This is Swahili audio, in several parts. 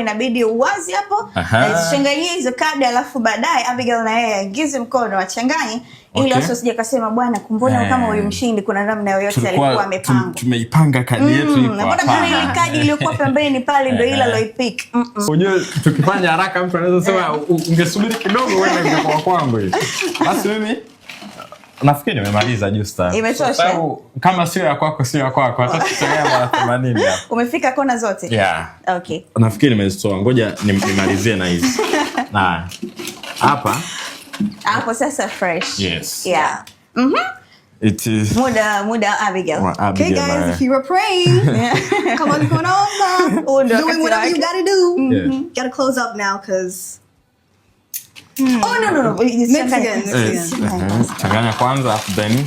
inabidi uwazi hapo zichanganyie eh, hizo kadi, alafu baadaye Abigail na yeye aingize mkono wachanganye Okay. Ili watu wasije kasema bwana, kumbona eh. kama huyu mshindi kuna namna yoyote alikuwa amepanga. Tumeipanga kadi mm, yetu ile kadi iliyokuwa pembeni pale ndio ile eh. aloipick. Unajua tukifanya haraka mtu anaweza sema ungesubiri kidogo wewe ungekuwa kwangu. Basi mimi Nafikiri nimemaliza Justa. kama sio ya kwako sio ya kwako. Hata tutasema mara themanini Umefika kona zote? Yeah. Okay. Nafikiri nimezitoa. Ngoja nimalizie na hizi. Na hapa hapo sasa fresh. Yes. Yeah. Mm-hmm. It is muda muda Abigail. Well, Abigail. Okay guys, if you were praying, come on, come on. Doing whatever you gotta do. Mm-hmm. Yeah. Gotta close up now Changanya kwanza then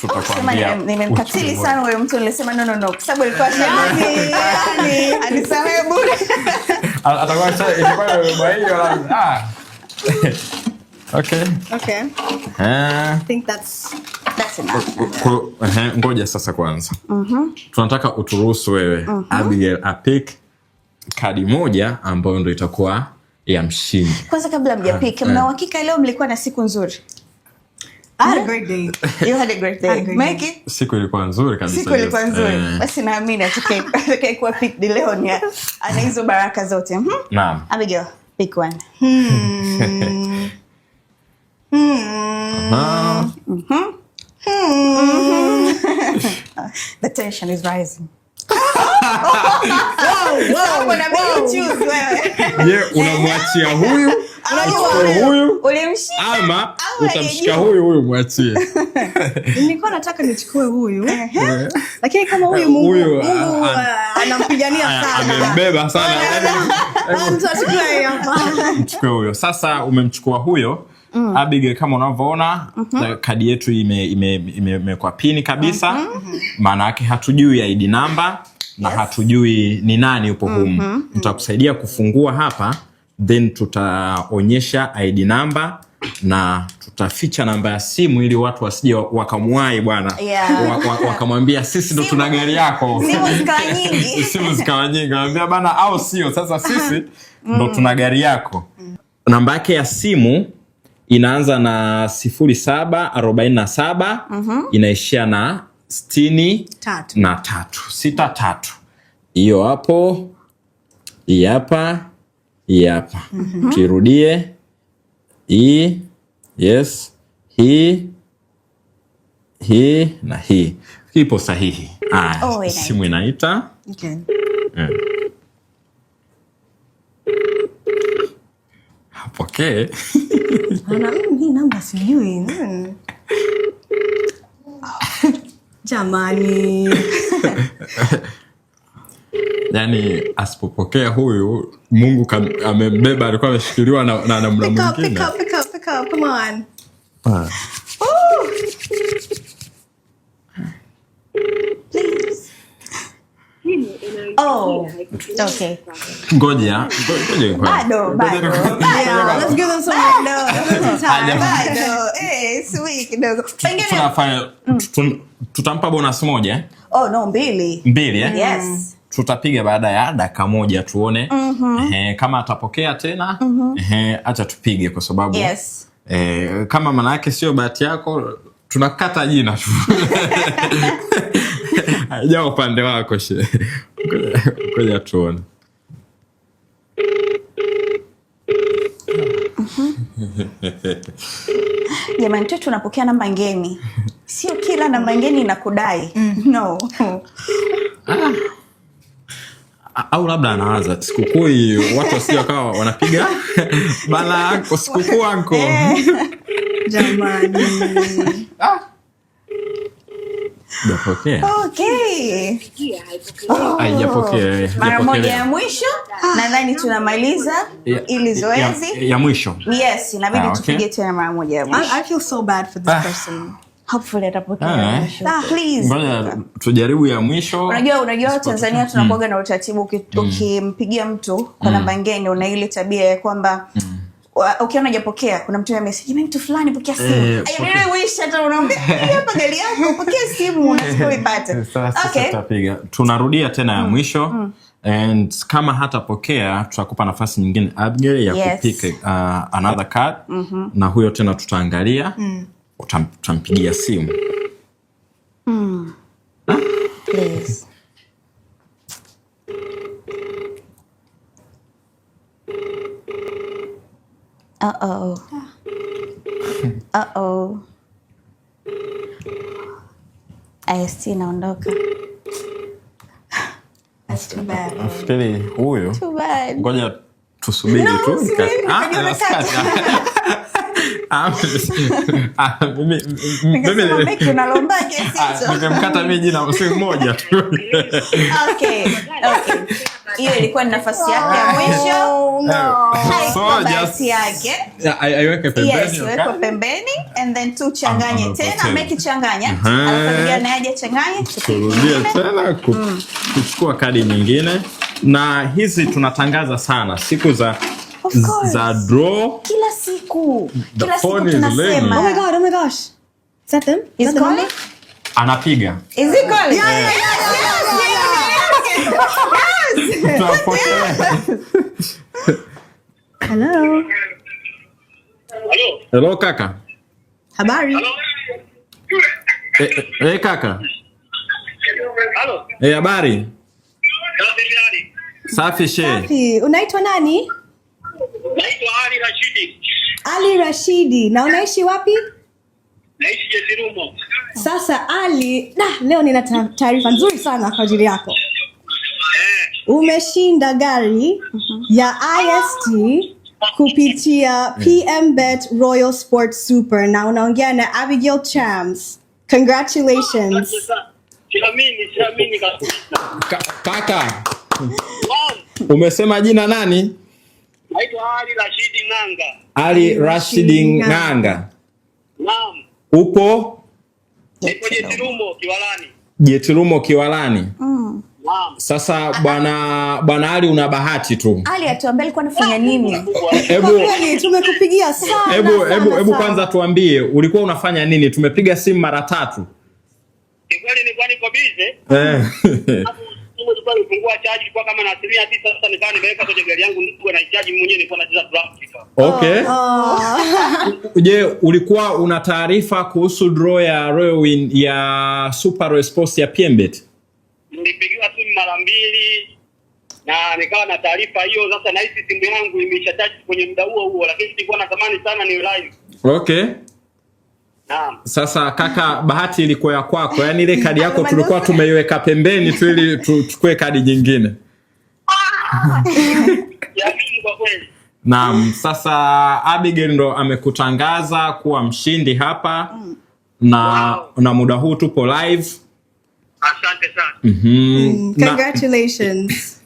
tutakwambia. Nimemkatili sana huyo mtu nilisema nonono no no kwa sababu alikuwa shani. Yani anisamehe Ngoja sasa kwanza. Tunataka uturuhusu wewe Abigail apik kadi moja ambayo ndo itakuwa ya mshindi. Kwanza kabla mjapika, ah, mna eh. uhakika leo mlikuwa na siku nzuri? Ah, siku ilikuwa nzuri kabisa. ilikuwa nzuri. Eh. Basi naamini atakayekuwa leo ni ana hizo baraka zote. Hmm? Naam. Abigail, pick one. Hmm. Uh-huh. Hmm. The tension is rising. Je, unamwachia huyu huyu ama utamshika huyu huyu mwachie? Nilikuwa nataka nichukue huyu, eh. lakini kama huyu eh, Mungu ah, ah. Eh, anampigania sana, amembeba sana, yaani, mchukue huyo. Sasa umemchukua huyo Mm. Abigail, kama unavyoona mm -hmm. Kadi yetu imekwa ime, ime, ime pini kabisa mhm. Mhm. maana mm -hmm. yake hatujui ID namba na yes. hatujui ni nani upo humu mm -hmm. Tutakusaidia kufungua hapa, then tutaonyesha ID namba na tutaficha namba ya simu ili watu wasije wakamwai bwana, yeah. wakamwambia sisi ndo tuna gari yako, simu zikawa nyingi, wambia bana, au sio? Sasa sisi mm. ndo tuna gari yako. Mm. Namba yake ya simu inaanza na sifuri saba arobaini na saba mhm. inaishia na sitini tatu na tatu sita tatu. Hiyo hapo, hii hapa, hii hapa. mm -hmm. Kirudie hii, yes, hii, hii na hii ipo sahihi. Ah, oh, simu inaita okay. yeah. Hapokee jamani yani asipopokea huyu mungu amembeba alikuwa ameshikiliwa na, na namna mwingine ah. Eh, mm. tutampa bonas moja. Oh, mbili. Eh? Mm. Tutapiga baada ya daka moja tuone mm -hmm. Eh, kama atapokea tena mm -hmm. Eh, acha tupige kwa sababu yes. Eh, kama manayake sio bahati yako tunakata jina tu haijaa upande wako she. Ngoja tuone. Jamani, tu tunapokea namba ngeni, sio kila namba ngeni inakudai. Mm. No. Ah. au labda anawaza sikukuu watu wasio wakawa wanapiga bana, sikukuu anko eh. jamani. Ah. Oh. Haijapokea. Okay. Haijapokea. Mara moja ya mwisho nadhani tunamaliza ili zoezi. Ya mwisho. Yes, inabidi ah, tupige tena mara moja ya mwisho. so bad for this Ah, ah, eh. ah please. tujaribu ya mwisho. Unajua unajua Tanzania tunakuwa hmm. na utaratibu hmm. ukimpigia mtu kwa hmm. namba ngeni una ile tabia ya kwamba mm ukiona hajapokea kuna mtu mtu fulani pokea simu eh, tena ya mm. mwisho mm. And kama hatapokea tutakupa nafasi nyingine Abigail ya yes. kupika uh, another card mm -hmm. na huyo tena tutaangalia mm. simu Uh-oh. Uh-oh. IST inaondoka. Nafikiri huyu. Ngoja tusubiri tu. nimemkata moja tu. kuchukua kadi nyingine, na hizi tunatangaza sana siku za za draw kila siku the kila phone siku tunasema. Oh my god, oh my gosh. Is that them? Is that calling? number? anapiga Is it calling? Yeah, yeah, yeah, Tunapotelea. Hello. Halo, hello kaka Habari. halo. Eh, eh eh, kaka Halo, eh habari safi she Safi. Unaitwa nani? Naitwa Ali Rashidi. Ali Rashidi, na unaishi wapi? Naishi Jezirumo. Sasa Ali, nah, leo nina taarifa nzuri sana kwa ajili yako. Eh. Umeshinda gari mhm. ya IST kupitia mm. PMBet Royal Sports Super na unaongea na Abigail Champs. Congratulations. kabisa. Kaka, umesema jina nani? Naitwa Ali Rashidi Ng'anga. Ali Rashidi Ng'anga. Naam. Upo? Niko Jetirumo Kiwalani. Jetirumo Kiwalani. Mm. Naam. Sasa bwana bwana Ali una bahati tu. Ali atuambie alikuwa anafanya nini? Hebu tumekupigia sana. Hebu hebu hebu kwanza tuambie ulikuwa unafanya nini? Tumepiga simu mara tatu. kweli ni kwani niko busy. Eh tu ulikuwa ulifungua charge kwa kama na asilimia tisa. Sasa nikawa nimeweka kwenye gari yangu ndugu na charge mwenyewe, nilikuwa nacheza draft. Okay. oh. oh. Je, ulikuwa una taarifa kuhusu draw ya Royal Win ya Super Royal Sports ya Pembet Nilipigiwa simu mara mbili na nikawa na taarifa hiyo. Sasa na nahisi simu yangu imesha charge kwenye muda huo huo, lakini nilikuwa natamani sana ni live. Okay. Sasa kaka, bahati ilikuwa ya kwako, yaani ile kadi yako tulikuwa tumeiweka pembeni tu ili tuchukue kadi nyingine. Ah! Naam, sasa Abigail ndo amekutangaza kuwa mshindi hapa mm. na wow. na muda huu tupo live. Asante sana. Mhm. mm -hmm. mm, congratulations.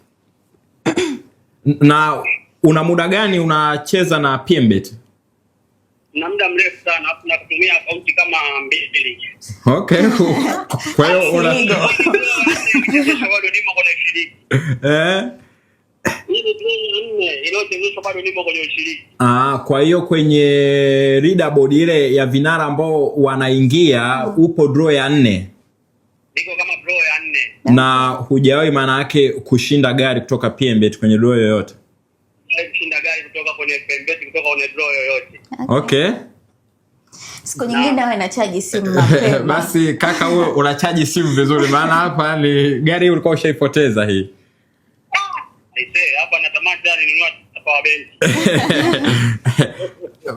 Na, na una muda gani unacheza na PMBet? Na muda mrefu sana, kutumia akaunti kama mbili. Okay. Kwa hiyo una eh Ah, kwa hiyo kwenye leaderboard ile ya vinara ambao wanaingia mm. upo draw ya nne. Niko kama draw ya nne. Na hujawahi maana yake kushinda gari kutoka PMbet kwenye draw yoyote. Kushinda gari kutoka kwenye PMbet kutoka kwenye draw yoyote. Okay siku nyingine awe na chaji simu mapema. Basi kaka, wewe unachaji simu vizuri, maana hapa ni gari ulikuwa ushaipoteza hii. Ah,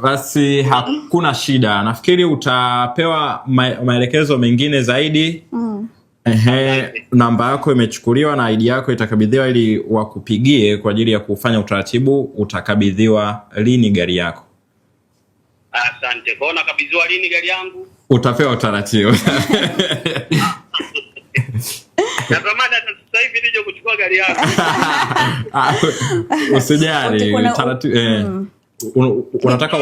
Basi hakuna shida, nafikiri utapewa maelekezo mengine zaidi mm. Ehe, namba yako imechukuliwa na aidi yako itakabidhiwa ili wakupigie kwa ajili ya kufanya utaratibu. Utakabidhiwa lini gari yako? Asante. Kwa nakabidhiwa lini gari yangu? Utapewa utaratibu. Natamani sasa hivi nije kuchukua gari yangu ah, Usijali, utaratibu. Eh. Mm unataka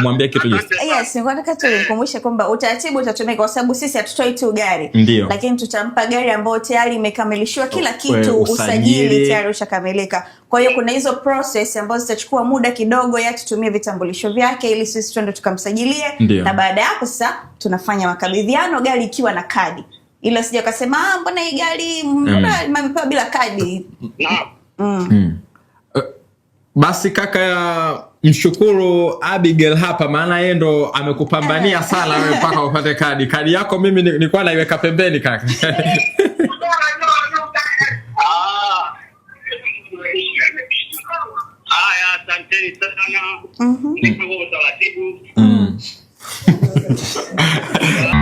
umwambie kitu Jesse? Yes, nilikuwa nataka tu nikumbushe kwamba utaratibu utatumika kwa sababu sisi hatutoi tu gari. Ndiyo. Lakini tutampa gari ambayo tayari imekamilishiwa kila kitu, usajili tayari ushakamilika. Kwa hiyo kuna hizo process ambazo zitachukua muda kidogo, ya tutumie vitambulisho vyake ili sisi tuende tukamsajilie, na baada ya hapo sasa tunafanya makabidhiano gari ikiwa na kadi, ila sija kasema ah, mbona hii gari mmepewa mm. bila kadi. mm. Mm. Uh, Basi kaka ya mshukuru Abigail hapa, maana yeye ndo amekupambania eh. sana wewe mpaka upate kadi. Kadi yako mimi nikuwa naiweka pembeni kaka.